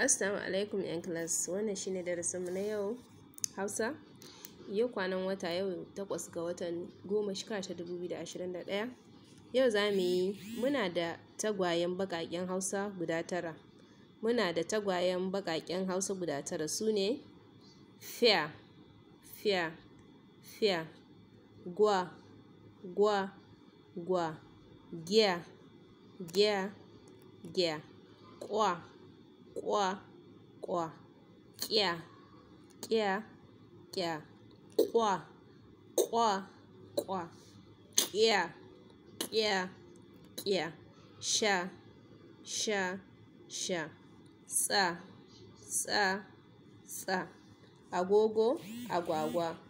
Assalamu alaikum ‘yan class, wannan shi ne darasinmu na yau Hausa. Yau kwanan wata yau takwas ga watan goma shi ta dubu biyu da ashirin da ɗaya. Yau za mu yi muna da tagwayen baƙaƙen Hausa guda tara. Muna da tagwayen baƙaƙen Hausa guda tara su ne fiya, fiya, fiya, gwa, gwa, gwa, giya, giya, giya, kwa quá quá kia kia kia quá quá quá kia kia kia sha sha sha sa sa sa agogo agwagwa